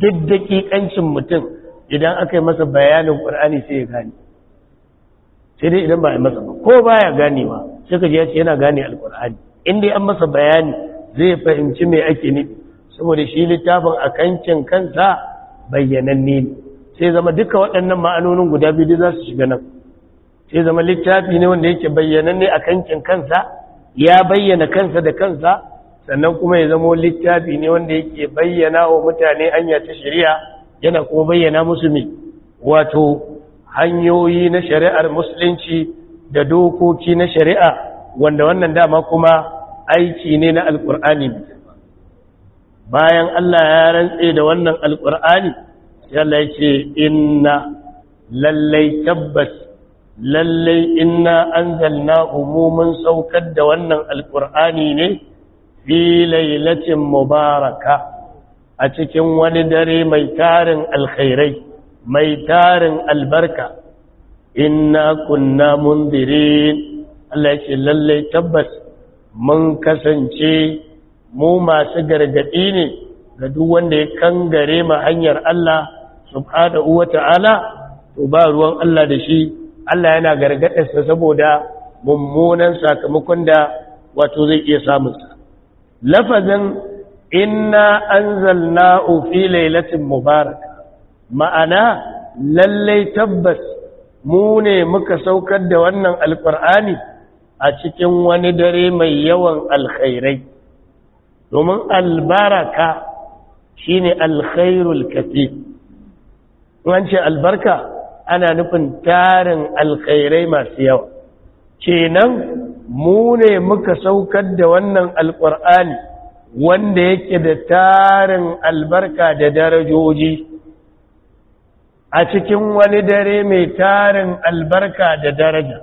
duk daƙiƙancin mutum idan aka yi masa bayanin ƙur'ani sai ya gane sai dai idan ba a yi masa ba ko baya ganewa sai ka jiya ce yana gane alƙur'ani in dai an masa bayani zai fahimci mai ake ne saboda shi littafin a kancin kansa bayyananne ne sai zama duka waɗannan ma'anonin guda biyu za su shiga nan sai zama littafi ne wanda yake bayyananne a kancin kansa ya bayyana kansa da kansa sannan kuma ya zamo littafi ne wanda yake bayyana wa mutane hanya ta shari'a yana kuma bayyana musu mai wato hanyoyi na shari'ar musulunci da dokoki na shari'a wanda wannan dama kuma aiki ne na alkur'ani bayan Allah ya rantse da wannan alkur'ani yalla ya ce inna lallai tabbas lallai inna anzalna umuman saukar da wannan alkur'ani ne fi lailatin mubaraka a cikin wani dare mai tarin alkhairai mai tarin albarka inna kunna mundirin Allah ce lalle tabbas mun kasance mu masu gargadi ne ga duk wanda ya kangare ma hanyar Allah subhanahu wata'ala to ba ruwan Allah da shi Allah yana gargadarsa saboda mummunan sakamakon da wato zai iya samunsa lafazin inna anzalna fi lailatin mubarak ma'ana lallai tabbas mu ne muka saukar da wannan alkur'ani a cikin wani dare mai yawan alkhairai domin albaraka shine alkhairul kafi wance albarka ana nufin tarin alkhairai masu yawa kenan mu ne muka saukar da wannan alƙur'ani wanda yake da tarin albarka da darajoji a cikin wani dare mai tarin albarka da daraja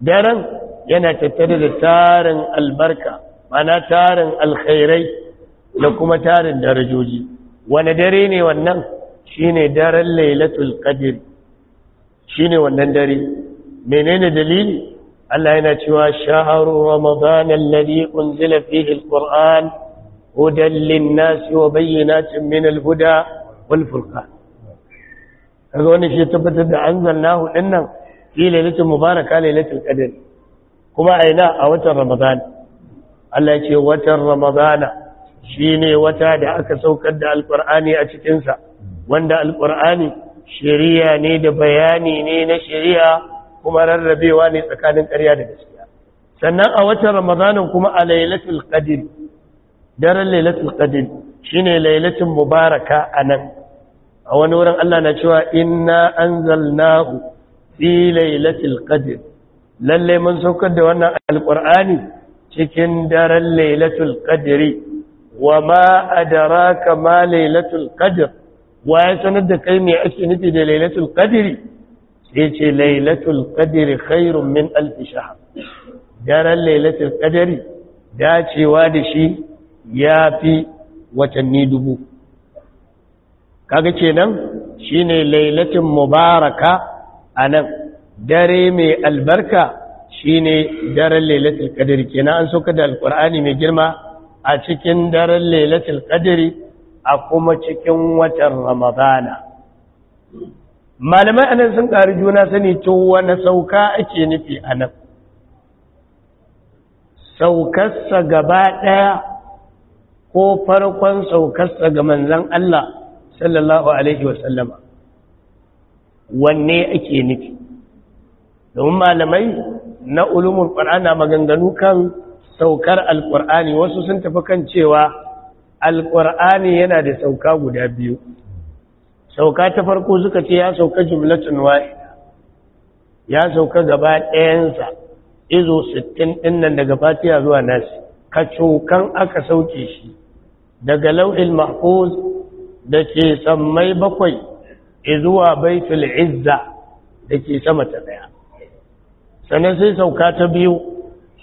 daren yana tattare da tarin albarka mana tarin alkhairai da kuma tarin darajoji wani dare ne wannan shine daren lailatul qadr shine wannan dare menene dalili Allah yana cewa shaharu ramadan alladhi unzila fihi alquran hudan linnasi wa bayyinatin min alhuda wal furqan kaga wannan shi tabbatar da anzalnahu dinnan fi lailatul mubaraka lailatul qadr kuma aina a watan ramadan Allah ce watan ramadana shine wata da aka saukar da alqur'ani a cikin sa wanda Alƙur'ani shari'a ne da bayani ne na shari'a kuma rarrabewa ne tsakanin ƙarya da gaskiya sannan a watan ramadanin kuma a lailatul qadr daren lailatul qadr shine lailatul mubaraka anan a wani wurin Allah na cewa inna anzalnahu fi lailatul qadr lalle mun saukar da wannan alqur'ani cikin daren lailatul qadr wa ma adraka ma lailatul qadr wa ya sanar da kai me ake nufi da lailatul qadri Yace lailatul qadri khairun min alf shahr daren lailatul qadri dacewa da shi yafi watanni dubu kaga kenan shine lailatul mubaraka anan dare mai albarka shine daren lailatul qadri kenan an soka da alqur'ani mai girma a cikin daren lailatul qadri a kuma cikin watan ramadana malamai anan sun ƙari juna sani to wani sauka ake nufi anan saukarsa gaba ɗaya ko farkon saukarsa ga manzan Allah sallallahu Alaihi wasallama wanne ake nufi domin malamai na ulumin ƙwar'ana maganganu kan saukar alƙwar'ani wasu sun tafi kan cewa alƙwar'ani yana da sauka guda biyu sauka ta farko suka ce ya sauka jimlatin wa'ida ya sauka gaba ɗayansa izo sittin ɗin nan daga Fatiya zuwa nasi Ka cokan aka sauke shi daga lau'il mahfuz da ke sammai bakwai zuwa baitul izza da ke sama ta daya sannan sai sauka ta biyu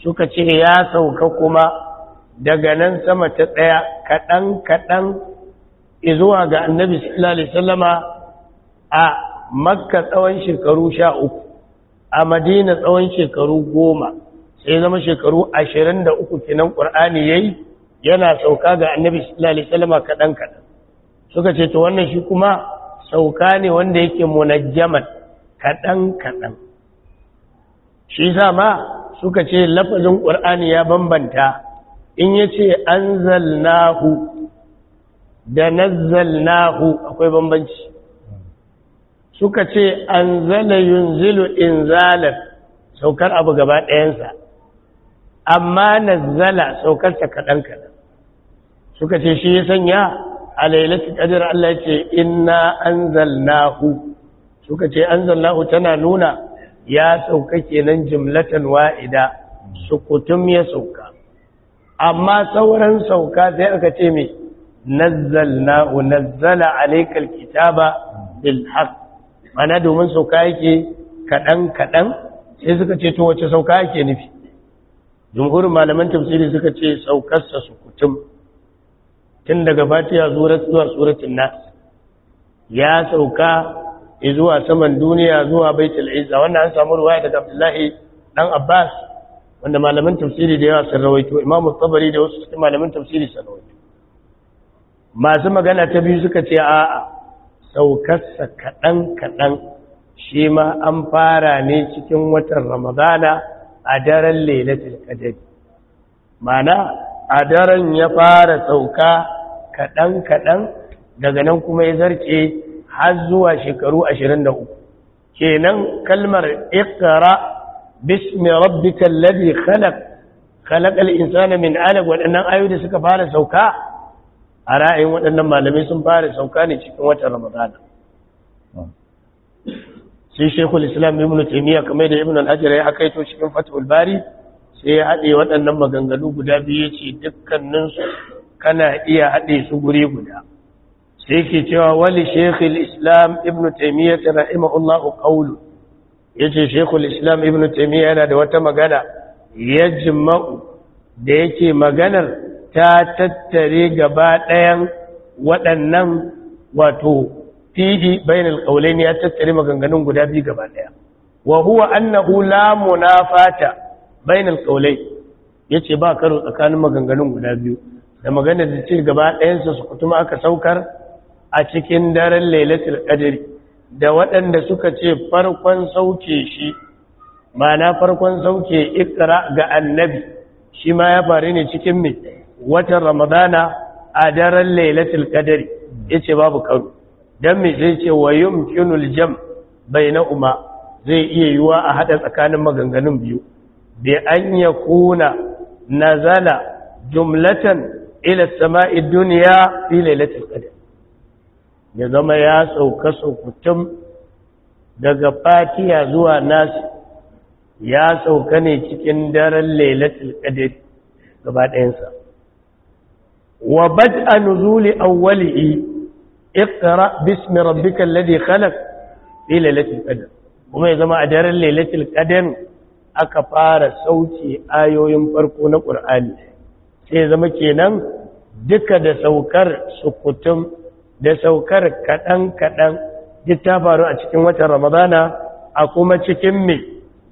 suka ce ya sauka kuma daga nan sama ta ɗaya kaɗan kaɗan zuwa ga annabi sallallahu alaihi wasallama a makka tsawon shekaru sha uku a madina tsawon shekaru goma sai zama shekaru ashirin da uku kinan ƙur'ani ya yi yana sauka ga annabi sallallahu alaihi wasallama kaɗan kaɗan suka ce to wannan shi kuma sauka ne wanda yake munajjaman kaɗan kaɗan shi sa ma suka ce lafazin ƙur'ani ya bambanta in ya ce an da nazzalnahu akwai bambanci suka ce an zala in inzalar saukar abu gaba ɗayansa amma nazzala saukarsa kaɗan-kaɗan suka ce shi ya sanya a lailatun ƙadir Allah ce inna anzalnahu suka ce anzalnahu tana nuna ya sauka kenan jimlatan wa'ida sukutum ya sauka amma sauran sauka sai aka ce mai nazzalna wa nazzala alaykal kitaba bil haqq mana domin sauka yake kadan kadan sai suka ce to wace sauka yake nufi jumhurin malaman tafsiri suka ce saukar sa sukutum tun daga fatiha zuwa suratul nas ya sauka zuwa saman duniya zuwa baitul izza wannan an samu ruwaya daga abdullahi dan abbas wanda malaman tafsiri da yawa sun rawaito imam tabari da wasu cikin malaman tafsiri sun rawaito masu magana ta biyu suka ce a'a saukarsa kaɗan-kaɗan shi ma an fara ne cikin watan ramadana a daren lailatul kadari mana a daren ya fara sauka kaɗan-kaɗan daga nan kuma ya zarce har zuwa shekaru ashirin 23 kenan kalmar ikara bismi rabbikal ladhi khalaq khalaqal insana min alaq waɗannan ayoyi da suka fara sauka a ra'ayin waɗannan malamai sun fara sauka ne cikin watan ramadana sai shekul islam ibn taimiyya kamar da ibn al'ajira ya ya to cikin fatul bari sai ya haɗe waɗannan maganganu guda biyu ce dukkaninsu kana iya haɗe su guri guda sai ke cewa wali shekul islam ibn taimiyya ta rahimahullahu ya yace shekul islam ibn taimiyya yana da wata magana jima'u da yake maganar ta tattare gaba ɗayan waɗannan wato fidi bainal ne ya tattare maganganun guda biyu gaba ɗaya wa huwa annahu fata munafata bainal ya ce ba karo tsakanin maganganun guda biyu da magana da ce gaba ɗayansa su kutuma aka saukar a cikin daren lailatul ƙadari. da waɗanda suka ce farkon sauke shi ma'ana farkon sauke ikra ga annabi shi ma ya faru ne cikin mai watan ramadana a daren lailatul qadari yace babu karu dan me zai ce wa yumkinul jam uma zai iya yiwa a hada tsakanin maganganun biyu bi an yakuna nazala jumlatan ila sama'id dunya fi lailatul Qadar? ya zama ya sauka sokutum daga fatiya zuwa nasi ya sauka ne cikin daren lailatul Qadar gaba ɗayansa wa bad'a nuzuli awwalihi iqra bismi rabbikal ladi khalaq fi lailatul qadr kuma ya zama a daren lailatul qadr aka fara sauke ayoyin farko na ƙur'ani. sai ya zama kenan duka da saukar sukutum da saukar kaɗan-kaɗan, littafaru a cikin watan ramadana a kuma cikin mai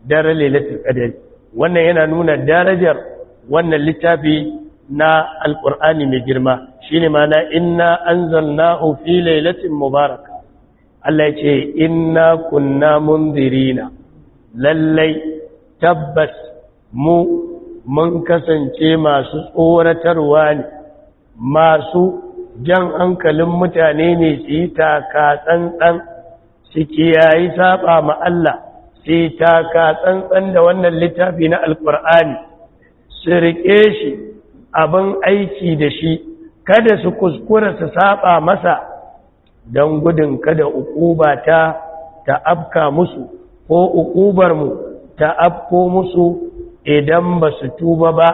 daren lailatul qadr wannan yana nuna darajar wannan littafi na alƙur'ani mai girma shine mana inna zanna fi lailatin mubaraka Allah ya ce inna kunna mun zirina lallai tabbas mu mun kasance masu tsoratarwa ne masu jan hankalin mutane ne su yi taka tsantsan su kiyayi saba ma Allah su yi taka tsantsan da wannan littafi na Alƙur'ani su riƙe shi abin aiki da shi kada su kuskura su saba masa don gudun kada ukuba ta ta musu ko ukubar mu ta afko musu idan ba su tuba ba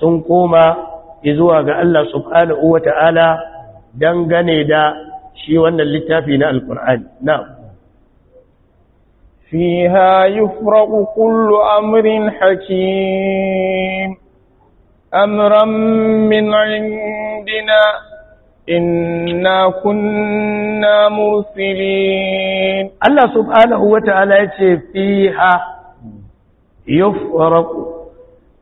sun koma izuwa ga Allah subhanahu wa ta'ala dangane da shi wannan littafi na alkur'ani Na فيها يفرق كل أمر حكيم أمرا من عندنا إنا كنا مرسلين الله سبحانه وتعالى فيها يفرق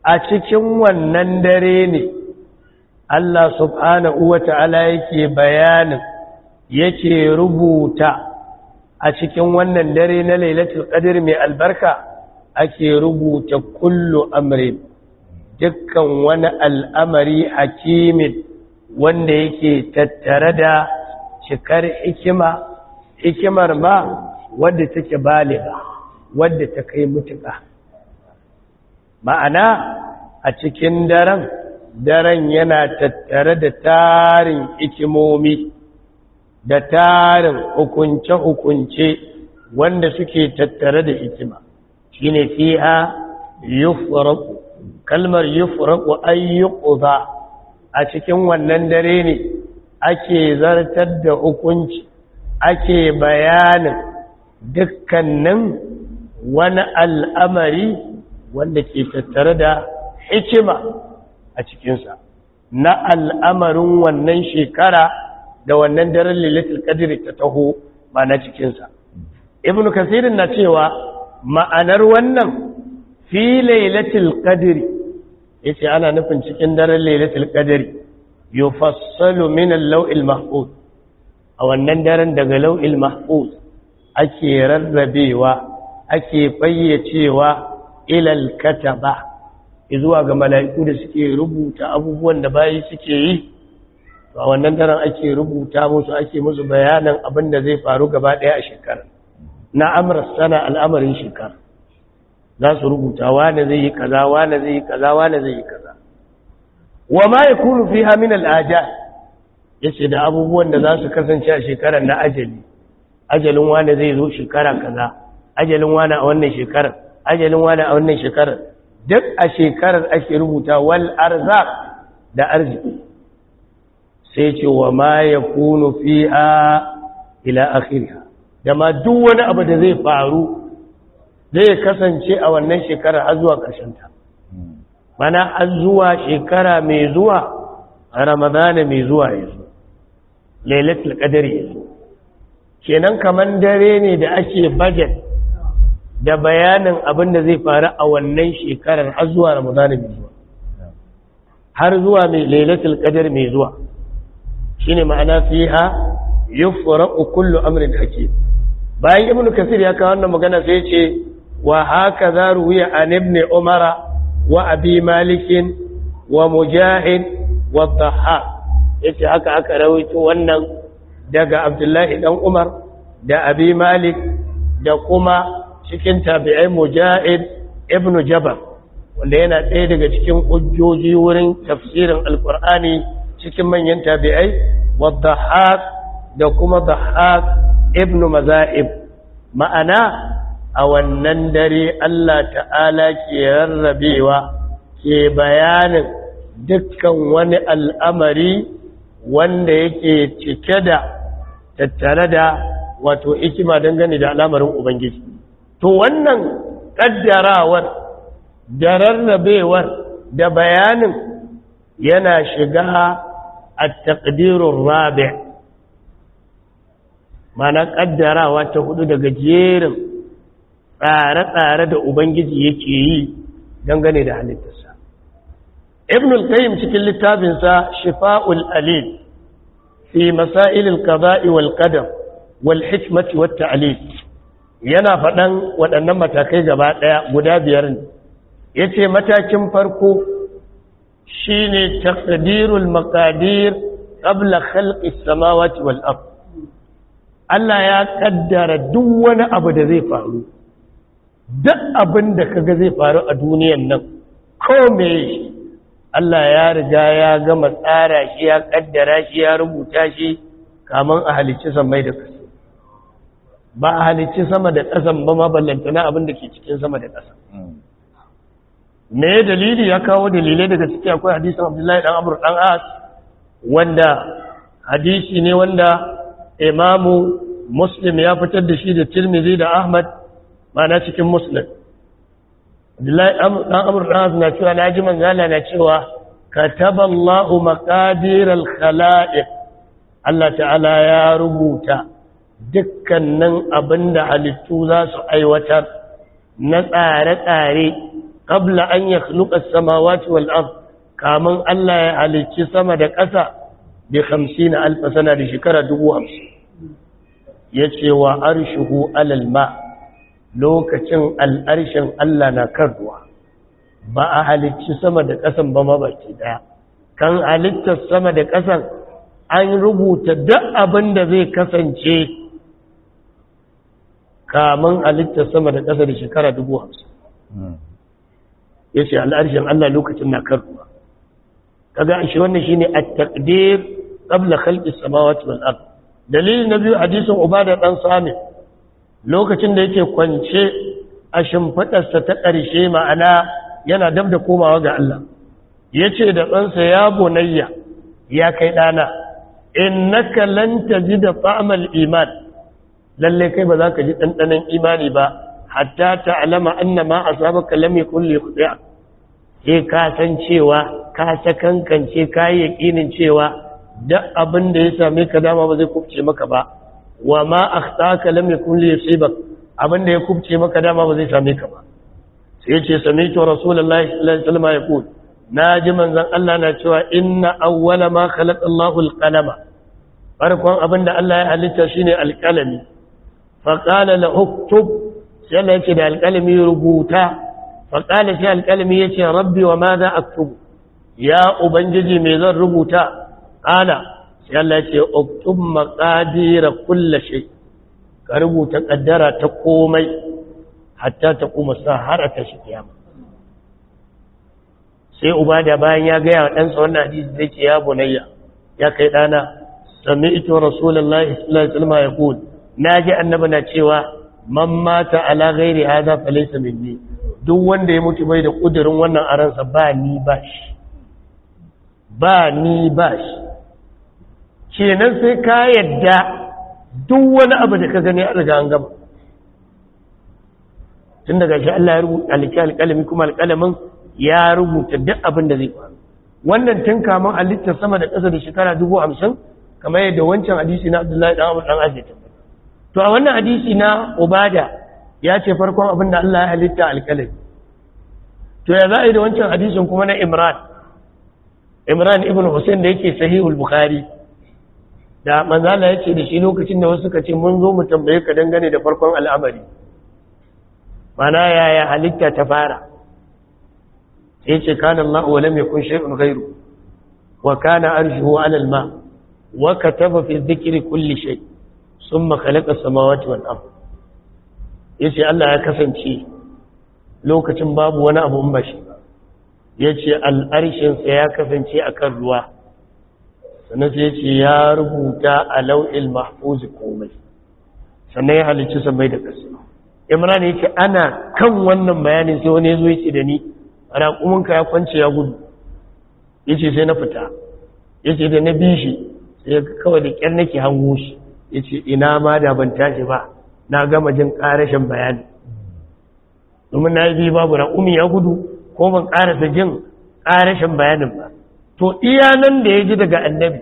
أتكم والنندرين Allah subhanahu wa ta'ala yake bayanin yake rubuta a cikin wannan dare na lailatul qadr mai albarka ake rubuta kullu amrin dukkan wani al'amari a kimin wanda yake tattare da cikar hikima hikimar ma wadda take baliga wadda ta kai mutuka ma'ana a cikin daren daren yana tattare da tarin ikimomi da tarin hukunce-hukunce wanda suke tattare da ikima shi ne yi yufraku kalmar yufraqu ba, a cikin wannan dare ne ake zartar da hukunci ake bayanin dukkanin wani al'amari wanda ke tattare da hikima a cikinsa na al'amarin wannan shekara da wannan daren lilitul kadiri ta taho ba na cikinsa ibn kasirin na cewa ma'anar wannan fi lailatul kadiri yace ana nufin cikin daren lailatul qadri yufassalu min al-law'il mahfuz a wannan daren daga law'il mahfuz ake rarrabewa ake fayyacewa al kataba zuwa ga mala'iku da suke rubuta abubuwan da bayi suke yi a wannan daren ake rubuta musu ake musu bayanan abin da zai faru gaba daya a shekara na amur sana al'amarin shekara za su rubuta wane zai yi kaza wane zai yi kaza wane zai yi kaza wa ma yakunu fiha min al Ya yace da abubuwan da za su kasance a shekarar na ajali ajalin wane zai zo shekara kaza ajalin wane a wannan shekarar ajalin wane a wannan shekarar duk a shekarar ake rubuta wal arzaq da arziki sai ce wa ma yakunu fiha ila akhiriha da ma duk wani abu da zai faru zai kasance a wannan shekara har zuwa ta. mana har zuwa shekara mai zuwa a ramadana mai zuwa ya zo lailatul qadr ya zo kenan kamar dare ne da ake bajet da bayanin abin da zai faru a wannan shekarar har zuwa ramadana mai zuwa har zuwa mai lailatul qadr mai zuwa Shi ne ma'ana fiha yufra'u kullu da ake. bayan Ibn kasir ya kawo wannan magana sai ya ce وهكذا روي عن ابن عمر وأبي wa ومجاهد والضحاك yace haka aka rawaito wannan daga Abdullahi dan Umar da Abi Malik da kuma cikin tabi'ai Mujahid ibn jabar wanda yana ɗaya daga cikin ƙujjoji wurin tafsirin Alƙur'ani cikin manyan tabi'ai wadhahak da kuma dhahak ibn Maza'ib ma'ana a wannan dare Allah ta'ala ke rarrabewa ke bayanin dukkan wani al'amari wanda yake cike da tattare da wato ikima dangane da al'amarin Ubangiji. To wannan ƙaddarawar da rarrabewar da bayanin yana shiga a taƙdirun rabi mana ƙaddarawa ta hudu daga jerin tsare-tsare da ubangiji yake yi dangane da halittarsa ibn al-qayyim cikin littafinsa shifa'ul alil fi masail al-qada'i wal wal hikmati wat ta'lil yana faɗan waɗannan matakai gaba ɗaya guda biyar ne yace matakin farko shine taqdirul makadir qabla khalqis samawati wal ard Allah ya kaddara duk wani abu da zai faru duk abin da kaga zai faru a duniyan nan ko me Allah ya riga ya gama tsara shi ya kaddara shi ya rubuta shi kaman a halicci mai da ƙasa ba a halicci sama da ƙasan ba ma ballantana abin da ke cikin sama da ƙasa me dalili ya kawo dalilai daga ciki akwai hadisin Abdullahi dan Amr dan As wanda hadisi ne wanda Imamu Muslim ya fitar da shi da Tirmidhi da Ahmad ma'ana cikin musulun dan amur dan na cewa na ji manzala na cewa kataballahu maqadir makadiral khalaiq Allah ta'ala ya rubuta dukkanin abinda halittu za su aiwatar na tsare-tsare qabla an yakhluqa as-samawati wal ard kamun Allah ya halicci sama da ƙasa bi 50 alf sana da shekara ya ce wa arshuhu alal ma' lokacin al'arshen Allah na kan ruwa ba a halicci sama da ƙasan ba ma baki daya kan halittar sama da ƙasan an rubuta duk abin da zai kasance kamun halittar sama da ƙasa da shekara dubu hamsin ya ce al'arshen Allah lokacin na kan ruwa kaga shi wannan shine a takdir qabla khalqis samawati wal abu dalilin na biyu hadisun ubada dan sami lokacin da yake kwance a shimfiɗarsa ta ƙarshe ma'ana yana dab da komawa ga Allah ya ce da ɗansa ya bonayya ya kai ɗana in na kalanta ji da fa'amal iman lalle kai ba za ka ji ɗanɗanon imani ba hatta ta alama annama a sabaka lam yakun kuɗi? khuti'a ka san cewa ka sakankance ka yaƙinin cewa duk abin da ya same ka dama ba zai kubce maka ba wa ma akhtaka lam yakun li yusibak abinda ya kubce maka dama ba zai same ka ba sai yace sami'tu rasulullahi sallallahu alaihi wasallam na ji manzan Allah na cewa inna awwala ma khalaqa Allahu al-qalama farkon abinda Allah ya halitta shine al-qalami fa qala la uktub sai da al-qalami rubuta fa qala sai al yace rabbi wa madha aktubu ya ubangiji me zan rubuta ana yalla ce uktub maqadira kull shay ka rubuta kaddara ta komai hatta ta kuma sa har ta shi kiyama sai uba da bayan ya ga wa dan sa wannan hadisi da ke ya bunayya ya kai dana sami'tu rasulullahi sallallahu alaihi wasallam yaqul naji annabi na cewa man mata ala ghairi hadha falaysa minni duk wanda ya mutu bai da kudirin wannan aransa ba ni ba shi ba ni ba shi kenan sai ka yadda duk wani abu da ka gani a daga an tun daga shi Allah ya rubuta alƙalami kuma alƙalamin ya rubuta duk abin da zai faru wannan tun kamun halittar sama da ƙasa da shekara dubu hamsin kamar yadda wancan hadisi na Abdullahi ɗan Abu ɗan ajiyar to a wannan hadisi na Ubada ya ce farkon abin da Allah ya halitta alƙalami to ya za a yi da wancan hadisin kuma na Imran Imran ibn Hussein da yake sahihul Bukhari da manzala ya ce da shi lokacin da wasu suka ce mun zo mu tambaye ka dangane da farkon al'amari mana yaya halitta ta fara sai ce kanan Allah wa mai kun shaifin gairu wa kana arshuhu 'ala alal ma wa kataba fi zikiri kulli shai, sun makalaka as wani abu Ya ce Allah ya kasance lokacin babu wani abu mashi ya ce al'arshinsa ya kasance a kan ruwa sannan sai ce ya rubuta a lau'il Mahfuzi komai sannan ya halicci sammai da ƙasa ne yake ana kan wannan bayanin sai wani ya zo da ni raƙuminka ya kwance ya gudu Ya ce sai na fita Ya ce da na bi shi sai kawai da ƙyar nake hango shi Ya ce ina ma da ban tashi ba na gama jin ƙarashin bayani domin na yi babu raƙumi ya gudu ko ban ƙarasa jin ƙarashin bayanin ba to iya nan da ya ji daga annabi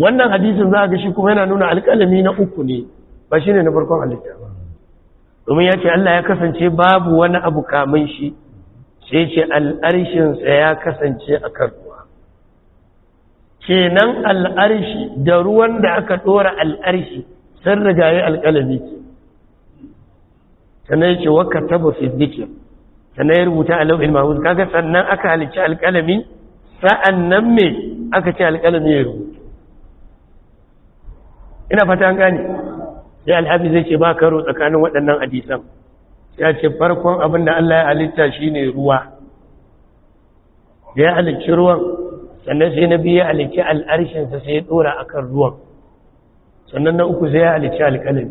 wannan hadisin za a ga shi kuma yana nuna alƙalami na uku ne ba shi ne na farkon halitta domin ya ce Allah ya kasance babu wani abu kamun shi sai ce al'arshinsa ya kasance a kan ruwa kenan al'arshi da ruwan da aka ɗora al'arshi sun rigaye alƙalami ce sannan ya ce wakka taba fi sannan ya rubuta a lau'in mahmud kaga sannan aka halicci alƙalami sa'an nan me aka ce alƙalami ya rubutu ina fata an gane sai alhafi zai ce ba karo tsakanin waɗannan adisan ya ce farkon abin da Allah ya halitta ne ruwa ya halicci ruwan sannan sai na biya ya halicci al'arshinsa sai ya ɗora a kan ruwan sannan na uku sai ya halicci alƙalami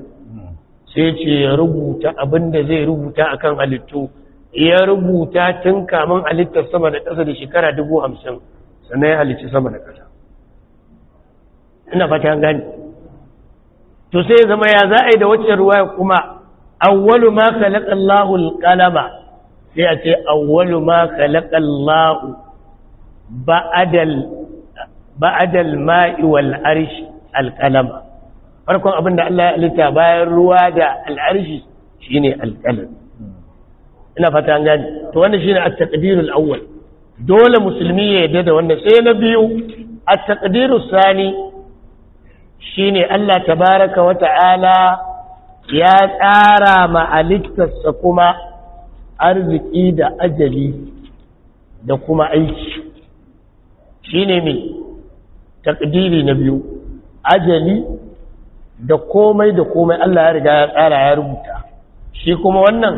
sai ce ya rubuta abin da zai rubuta a kan halittu ya rubuta tun kamun halittar sama da ƙasa da shekara dubu hamsin sannan ya halicci sama da ƙasa ina fata gani to sai ya zama ya za a yi da wacce ruwa ya kuma awwalu ma lahul alqalama sai a ce awwalu ma khalaqallahu ba'adal ba'adal ma'i wal alƙalama. farkon abin da Allah ya halitta bayan ruwa da shi shine alƙalama. ina fata an gani to wannan shine at-taqdirul awwal dole musulmi ya yarda da wannan sai na biyu at-taqdirus sani shine Allah tabaraka wa ta'ala ya tsara ma aliktarsa kuma arziki da ajali da kuma aiki shine mai takdiri na biyu ajali da komai da komai Allah ya riga ya tsara ya rubuta shi kuma wannan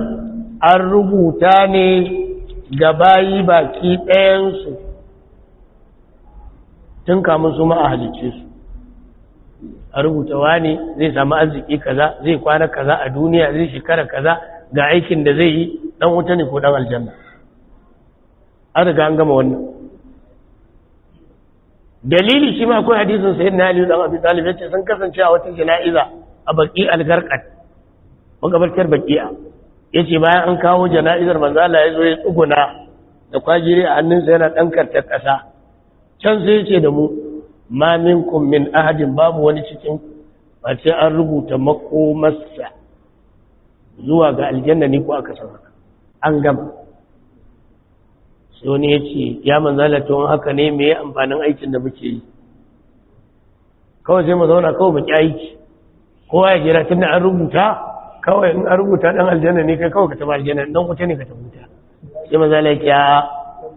an rubuta ne ga bayi baki ɗayansu tun kamun su ma a halice su a rubuta wani zai samu arziki kaza zai kwana kaza a duniya zai shekara kaza ga aikin da zai yi dan wuta ne ko ɗan aljanna an riga an gama wannan dalili shi ma akwai hadisin sayyid na aliyu ɗan abi talibai ce sun kasance a wata jana'iza a baki algarqat magabartar baki'a yace bayan an kawo jana'izar Manzala ya zo ya tsuguna da kwajiri a hannunsa yana ɗankar ta ƙasa can sai ce da mu ma minkum min ahadin babu wani cikin mace an rubuta makomarsa zuwa ga aljanna ne ko aka sama haka an gama sai wani ya ce ya manzala tun haka ne me amfanin aikin da muke yi kawai sai mu zauna kawai mu ki aiki kowa ya jira tun da an rubuta kawai in an rubuta dan aljanna ne kai kawai ka tafi aljanna dan wuta ne ka tafi wuta sai maza la ya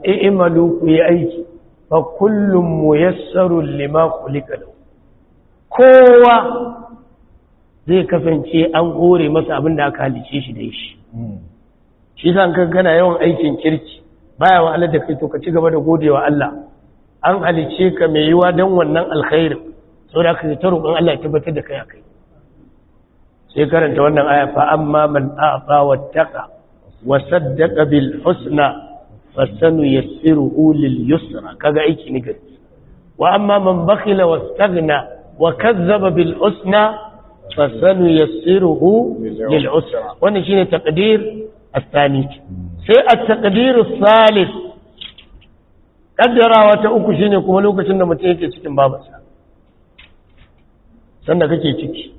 in malu ku yi aiki fa kullum muyassaru lima khuliqa lahu kowa zai kasance an gore masa abin da aka halice shi da shi shi san kan kana yawan aikin kirki baya wa Allah da kai to ka ci gaba da godewa Allah an halice ka mai yiwa dan wannan alkhairin saboda ka ta roƙon Allah ya tabbatar da kai akai sai karanta wannan aya fa amma man a'ta wattaqa wa saddaqa bil husna fasanu yassiruhu lil yusra kaga aiki ne gari wa amma man bakhila wastaghna wa kazzaba bil husna fasanu yassiruhu lil usra wannan shine taqdir الثاني سي التقدير الثالث kaddarawa ta uku shine kuma lokacin da mutum yake cikin babarsa sannan kake ciki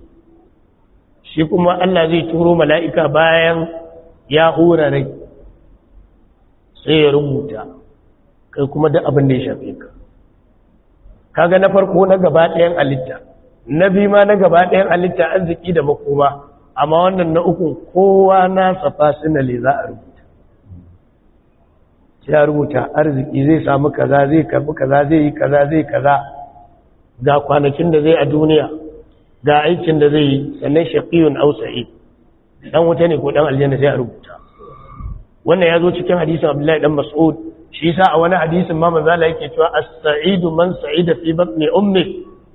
shi kuma Allah zai turo mala'ika bayan ya hura rai sai ya rubuta kai kuma da abin da ya shafe ka kaga na farko na gaba ɗayan alitta na biyu ma na gaba ɗayan alitta ziki da makoma amma wannan na uku kowa na safa le za a rubuta sai ya rubuta arziki zai samu kaza zai karbi kaza zai yi kaza zai kaza ga kwanakin da zai a duniya ga aikin da zai yi sannan shaƙiyun aw ɗan wuta ne ko ɗan aljanna sai a rubuta wannan ya zo cikin hadisin Abdullahi ɗan Mas'ud shi yasa a wani hadisin ma manzo Allah yake cewa as-sa'idu man sa'ida fi batni ummi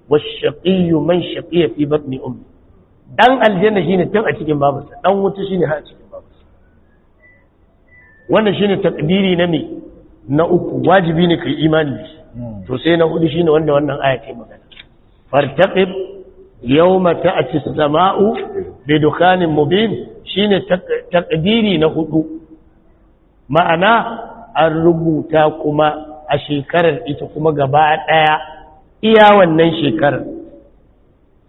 wa shaqiyyu man shaqiya fi batni ummi dan aljanna shine tun a cikin babarsa dan wuta shine har a cikin babarsa wannan shine takdiri na me na uku wajibi ne kai imani hmm. to sai na hudu shine wanda wannan aya ta magana fartaqib yawma ta'ati as-sama'u bi dukanin mubin shine takdiri na hudu ma'ana an rubuta kuma a shekarar ita kuma gaba daya iya wannan shekarar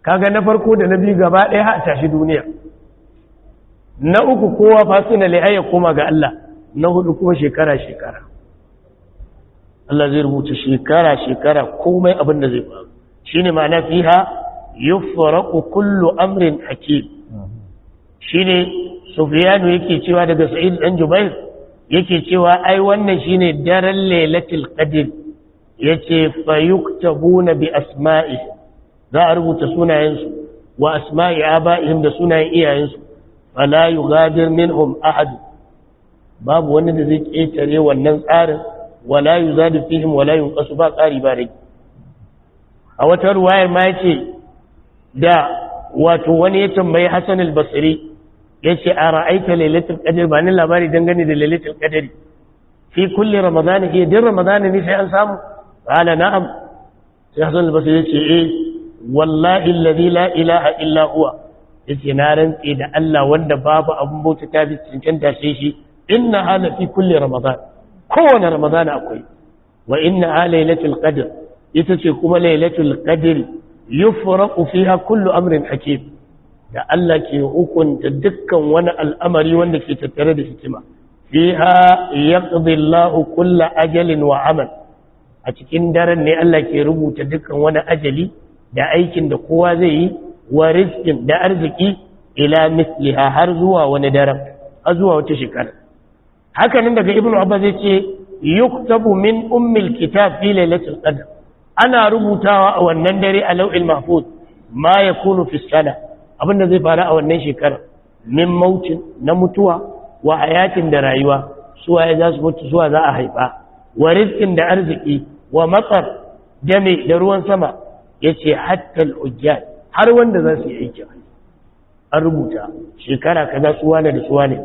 kaga na farko da na biyu gaba daya a tashi duniya na uku kowa fasina la'ayya kuma ga Allah na hudu kuma shekara shekara Allah zai rubuta shekara shekara komai abin da zai faru shine ma'ana fiha yufraqu kullu amrin hakim shine sufyanu yake cewa daga sa'id dan jubair yake cewa ai wannan shine daren lailatul qadr yace yuktabuna bi asma'i za a rubuta sunayensu wa asma'i aba'ihim da sunayen iyayensu fala yughadir minhum ahad babu wanda da zai ketare wannan tsarin wala yuzadu fihim wala yunqasu ba tsari ba rai? a wata ruwayar ma yace da wato wani ya tambayi Hassan al-Basri ce a ra'aita lailatul qadr ba ni labari dangane da lailatul qadr fi kulli ramadan hiya din ramadan ne sai an samu qala na'am sai Hassan al-Basri ce eh wallahi alladhi la ilaha illa huwa yace na rantse da Allah wanda babu abun bauta ta bi cikin sai shi inna hala fi kulli ramadan kowane ramadan akwai wa inna ha lailatul qadr ita ce kuma lailatul qadr yufra fiha kullu amrin hakim da Allah ke hukunta dukkan wani al'amari wanda ke tattare da hikima fiha yaqdi Allahu kulla ajalin wa amal a cikin daren ne Allah ke rubuta dukkan wani ajali da aikin da kowa zai yi wa rizqin da arziki ila misliha har zuwa wani daren har zuwa wata shekara haka nan daga ibnu abba zai ce yuktabu min ummil kitab fi lailatul qadr ana rubutawa a wannan dare a lau'il mafud ma ya kunu fiskana abinda zai faru a wannan shekarar min mautin na mutuwa wa hayatin da rayuwa ya za su mutu suwa za a haifa wa rizkin da arziki wa matsar dame da ruwan sama ya ce hattal ujjad har wanda za su yi aiki an rubuta shekara kaza suwa da suwa ne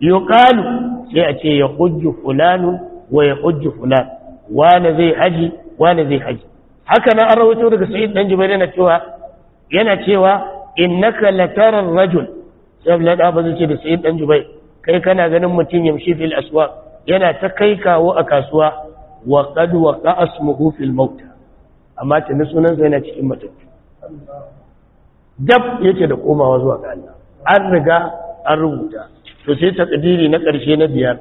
yuqalu sai a ce ya hujju fulanu wa ya hujju fulan wane zai haji wani zai haji haka nan an rawaito daga sa'id dan jubair yana cewa yana cewa innaka latara rajul sai la da bazai ce da sa'id dan jubair kai kana ganin mutum yamshi fil aswaq yana ta kai kawo a kasuwa wa qad waqa asmuhu fil maut amma tana sunan sa yana cikin matattu dab yake da komawa zuwa ga Allah an riga an rubuta to sai takdiri na ƙarshe na biyar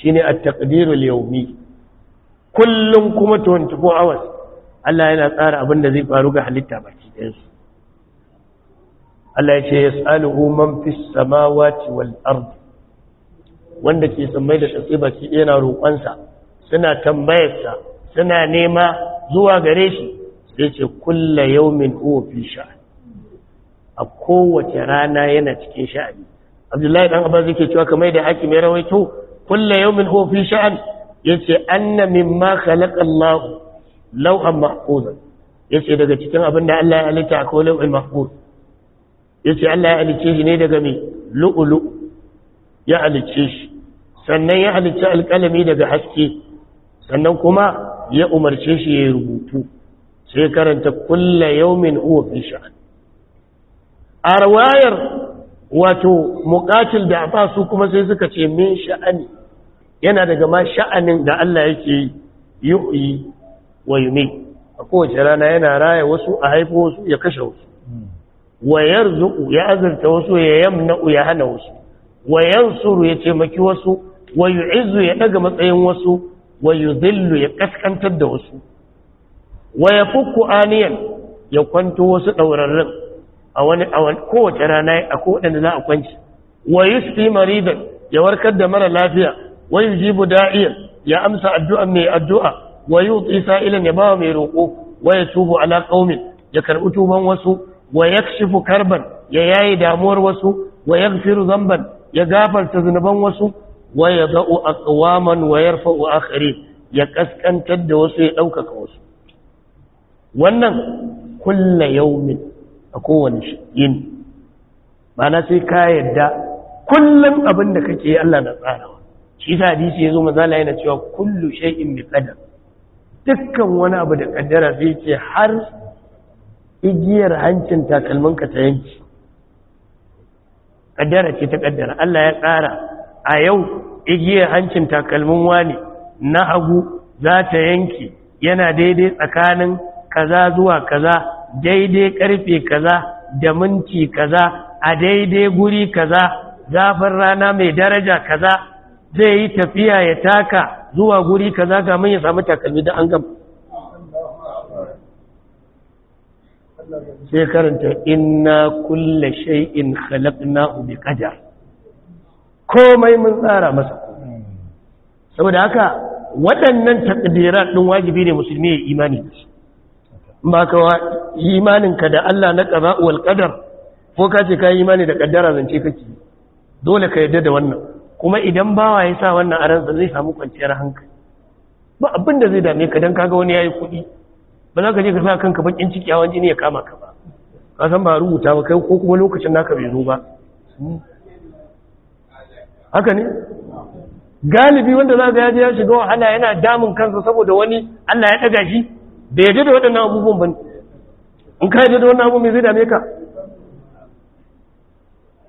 shine at al yawmi kullum kuma 24 hours Allah yana tsara abin da zai faru ga halitta baki ɗayansu Allah ya ce yas'aluhu man fis samawati wal ard wanda ke sammai da tsaye baki ɗaya na roƙonsa suna tambayarsa suna nema zuwa gare shi sai ce kullu yawmin huwa fi sha'an a kowace rana yana cikin sha'ani Abdullahi dan Abbas yake cewa kamar da hakimi ya rawaito kulla yawmin huwa fi sha'an yace anna mimma khalaqa Allah lawhan mahfuz yace daga cikin abin da Allah ya halitta ko lawhul mahfuz yace Allah ya halice shi ne daga me lu'lu ya halice shi sannan ya halice alqalami daga haske sannan kuma ya umarce shi ya rubutu sai karanta kulla yawmin huwa fi sha'an a wato muqatil da su kuma sai suka ce min sha'ani yana daga ma sha'anin da Allah yake yi wa yumi a kowace rana yana raya wasu a haifo wasu ya kashe wasu wa yarzuqu ya azurta wasu ya yamna'u ya hana wasu wa yansuru ya taimaki wasu wa yu'izzu ya daga matsayin wasu wa zillu ya kaskantar da wasu wa yafukku aniyan ya kwanto wasu daurarrin a wani a kowace rana a kowace rana a kwanci wa yusfi maridan ya warkar da mara lafiya wa yujibu da'iyan ya amsa addu'a mai addu'a wa yuti sa'ilan ya bawa mai roƙo wa yatubu ala qaumin ya karɓi tuban wasu wa yakshifu karban ya yayi damuwar wasu wa yaghfiru zamban ya gafarta zunuban wasu wa yada'u aqwaman wa yarfa'u akharin ya ƙasƙantar da wasu ya ɗaukaka wasu wannan kulla yaumin a kowane yini mana sai ka yadda kullum abin da kake yi Allah na tsarawa shi sa hadisi ya zo mazala yana cewa kullu shay'in bi qadar dukkan wani abu da kaddara sai ce har igiyar hancin takalminka ta yanki kaddara ce ta kaddara Allah ya tsara a yau igiyar hancin takalmin wani na hagu za ta yanki yana daidai tsakanin kaza zuwa kaza daidai karfe kaza da minti kaza a daidai guri kaza zafin rana mai daraja kaza zai yi tafiya ya taka zuwa guri ka za kamar ya samu takalmi da an gama sai karanta inna kulle shay'in khalaqnahu bi qadar komai mun tsara masa saboda haka waɗannan takdiran ɗin wajibi ne musulmi ya imani da su ba ka wa imaninka da Allah na ƙaba wal qadar ko ka ce ka imani da ƙaddara zance kake dole ka yarda da wannan kuma idan bawa ya sa wannan a ransa zai samu kwanciyar hankali ba abin da zai dame ka don kaga wani ya yi kuɗi ba za ka je ka sa kanka bakin ciki wajen ne ya kama ka ba ka san ba rubuta ba kai ko kuma lokacin naka bai zo ba haka ne galibi wanda za ka ya ya shiga wahala yana damun kansa saboda wani Allah ya daga shi bai yarda da waɗannan abubuwan ba in ka yarda da wannan me zai dame ka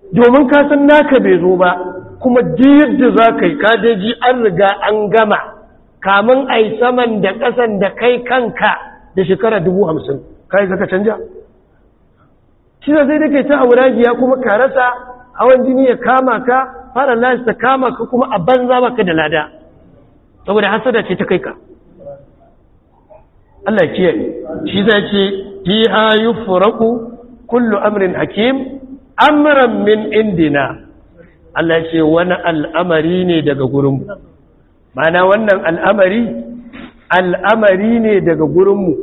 domin ka san naka bai zo ba kuma yadda za ka yi kadeji an riga an gama kamun a saman da ƙasan da kai kanka da shekara dubu hamsin zaka canja shi da zai dake ta hauragiya kuma ka rasa hawan jini ya kama ka fara lashe ta kama ka kuma a banza maka da lada saboda hasada ce ta kai ka Allah kiyaye shi zai ce yi yufraku kullu amrin hakim amran min indina Allah ce wani al'amari ne daga gurinmu mana wannan al'amari al'amari ne daga gurinmu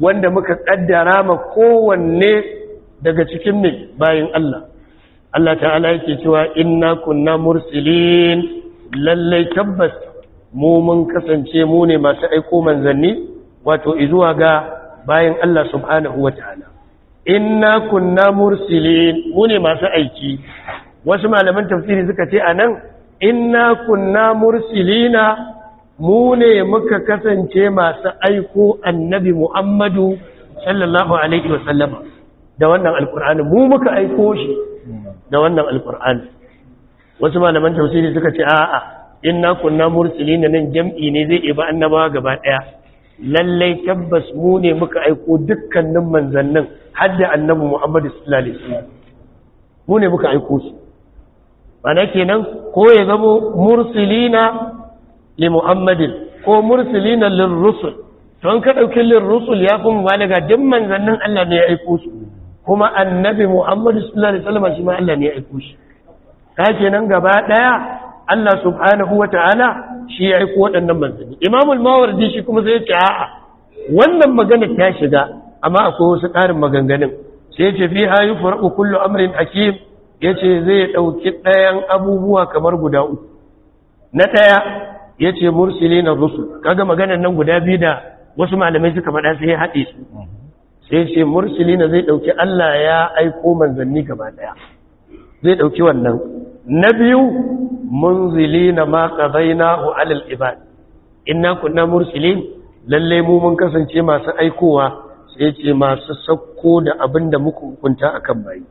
wanda muka ƙaddara ma kowanne daga cikin mai bayan Allah Allah ta'ala yake cewa inna kunna mursilin lallai tabbas mu mun kasance mu ne masu aiko manzanni wato izuwa ga bayan Allah subhanahu wa ta'ala inna kunna mursilin mu ne masu aiki wasu malaman tafsiri suka ce a nan ina kunna mursilina mu ne muka kasance masu aiko annabi muhammadu sallallahu alaihi wasallama da wannan alkur'ani mu muka aiko shi da wannan alkur'ani wasu malaman tafsiri suka ce a'a inna kunna mursilina nan jam'i ne zai iba annabawa gaba daya lallai tabbas mu ne muka aiko dukkanin manzannin hadda annabi muhammadu sallallahu alaihi wasallam mu ne muka aiko shi. mana kenan ko ya zama mursilina li muhammadin ko mursilina lil rusul to an ka dauki lil rusul ya fi mubalaga duk manzannin Allah ne ya aiko su kuma annabi muhammadu sallallahu alaihi wasallam shi ma Allah ne ya aiko shi ka kenan gaba daya Allah subhanahu ta'ala shi ya aiko waɗannan manzanni imamu al-mawardi shi kuma sai ya ce a'a wannan magana ta shiga amma akwai wasu ƙarin maganganun sai ya ce fi ha yufraqu kullu amrin hakim ya ce zai ɗauki ɗayan abubuwa kamar guda uku na ɗaya ya ce mursili na rusul kaga maganar nan guda biyu da wasu malamai suka faɗa sai ya haɗe su sai ce mursili na zai ɗauki allah ya aiko manzanni gaba ɗaya zai ɗauki wannan na biyu munzili na maƙazai na alal ibad inna kunna mursili lalle mu mun kasance masu aikowa sai ce masu sakko da abin da muka hukunta akan bayi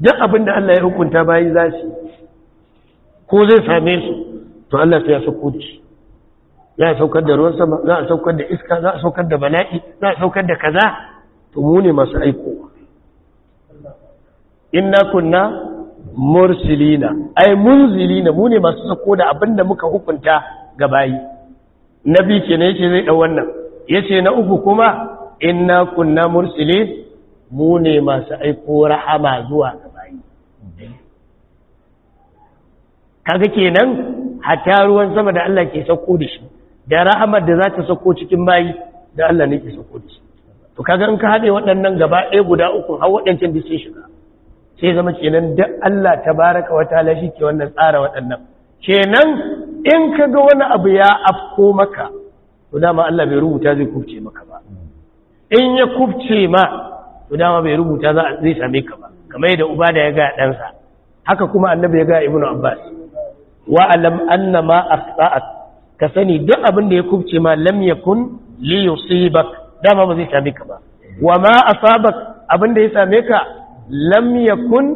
duk abin da Allah ya hukunta bayan za su ko zai same su to Allah sai ya sauko shi za a saukar da ruwan sama za a saukar da iska za a saukar da bala'i za a saukar da kaza to mu ne masu aiko inna kunna mursilina ai munzilina mu ne masu sako da abin da muka hukunta ga bayi nabi ne yace zai dau wannan yace na uku kuma inna kunna mursilin mu ne masu aiko rahama zuwa kaga kenan hatta ruwan sama da Allah ke sauko da shi da rahamar da za ta sauko cikin bayi da Allah ne ke sauko da shi to kaga in ka haɗe waɗannan gaba ɗaya guda uku har waɗancan da sun shiga sai zama kenan da Allah tabaraka wa ta'ala shi ke wannan tsara waɗannan kenan in ka ga wani abu ya afko maka to dama Allah bai rubuta zai kubce maka ba in ya kubce ma to dama bai rubuta zai same ka ba kamar yadda uba da ya ga ɗansa haka kuma annabi ya ga ibnu abbas wa alam anna ma asa'at ka sani duk abin da ya kubce ma lam yakun li yusibak dama ba zai same ka ba wa ma asabak abin da ya same ka lam yakun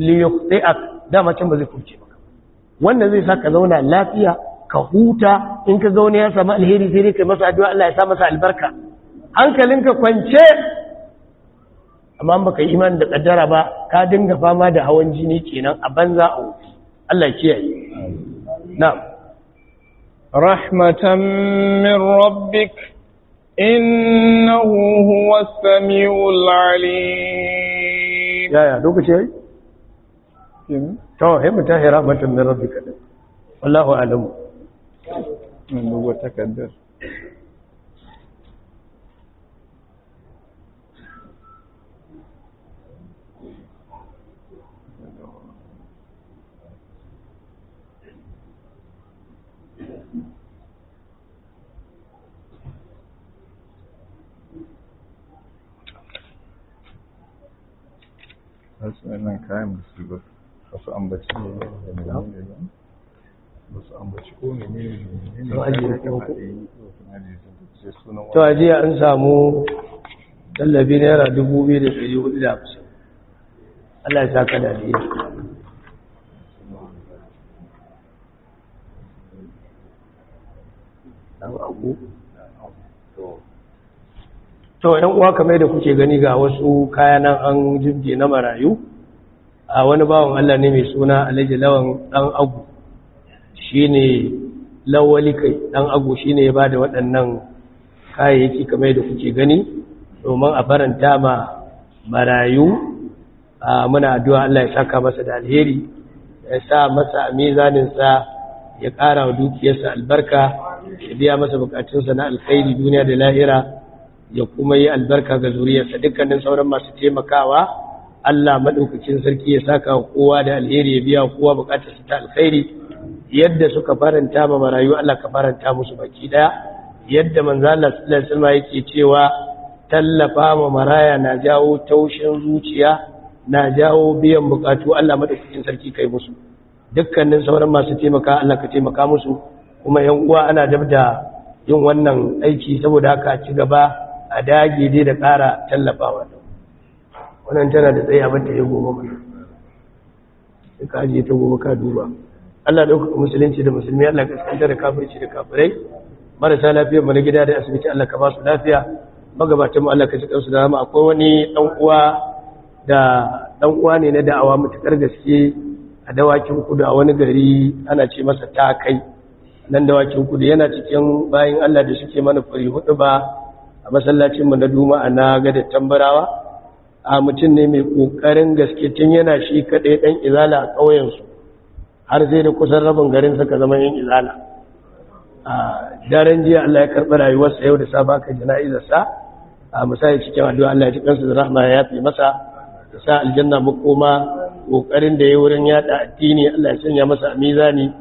li yukhti'ak dama can ba zai kubce maka wannan zai sa ka zauna lafiya ka huta in ka zauna ya samu alheri sai dai kai masa addu'a Allah ya sa masa albarka hankalinka kwance amma baka yi imani da kaddara ba ka dinga fama da hawan jini kenan a banza a wuce Allah kiyaye na'am rahmatan min rabbik innahu huwas samiul alim yaya lokaci yayi to he mutahira matan min rabbika wallahu alamu min wata wasu wannan kayan ba wasu ambaci ne da ambaci ko ne an samu tallafi naira dubu biyu da ɗari hudu da hamsin Allah ya sa ka dariya abu to yan uwa kamar da kuke gani ga wasu kayanan an jibge na marayu a wani bawan Allah ne mai suna Alhaji Lawan dan Agu shine lawali kai dan Agu shine ya bada waɗannan kayayyaki kamar da kuke gani domin a faranta ma marayu muna addu'a Allah ya saka masa da alheri ya sa masa a ya ƙara wa dukiyarsa albarka ya biya masa bukatunsa na alkhairi duniya da lahira ya kuma yi albarka ga zuriyarsa dukkanin sauran masu taimakawa Allah maɗaukacin sarki ya saka kowa da alheri ya biya kowa bukatar su ta alkhairi yadda suka faranta ba marayu Allah ka faranta musu baki daya yadda manzo Allah sallallahu yake cewa tallafa ma maraya na jawo taushin zuciya na jawo biyan bukatu Allah maɗaukacin sarki kai musu dukkanin sauran masu taimaka Allah ka taimaka musu kuma yan uwa ana dabda yin wannan aiki saboda haka ci gaba a dage dai da ƙara tallafawa wannan tana da tsaye abin da ya goma mana sai ka ajiye ta goma ka duba Allah ɗaukaka musulunci da musulmi Allah kaskanta da kafirci da kafirai marasa lafiya mana gida da asibiti Allah ka ba su lafiya magabatan mu Allah ka ci kansu da rama akwai wani ɗan uwa da uwa ne na da'awa matuƙar gaske a dawakin kudu a wani gari ana ce masa ta kai nan dawakin kudu yana cikin bayin Allah da suke mana fari hudu ba a masallacinmu na duma a na ga da tambarawa a mutum ne mai ƙoƙarin gaske tun yana shi kaɗai ɗan izala a ƙauyensu har sai da kusan rabin garin suka zama yin izala a daren jiya Allah ya karɓi rayuwarsa yau da safa ka sa. a misali cikin addu'a Allah ya ji kansa da rahma ya yafe masa da sa aljanna koma kokarin da ya wurin yada addini Allah ya sanya masa amiza mizani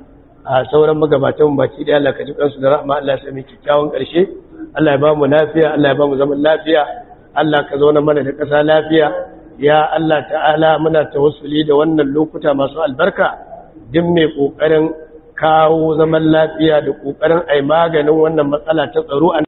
a sauran magabatan baki da Allah ka ji kansu da rahma Allah ya sami kyakkyawan ƙarshe. Allah ya ba mu lafiya Allah ya ba mu zaman lafiya Allah ka zauna mana da ƙasa lafiya ya Allah ta'ala muna tawassuli da wannan lokuta masu albarka duk mai ƙoƙarin kawo zaman lafiya da ƙoƙarin ai maganin wannan matsala ta tsaro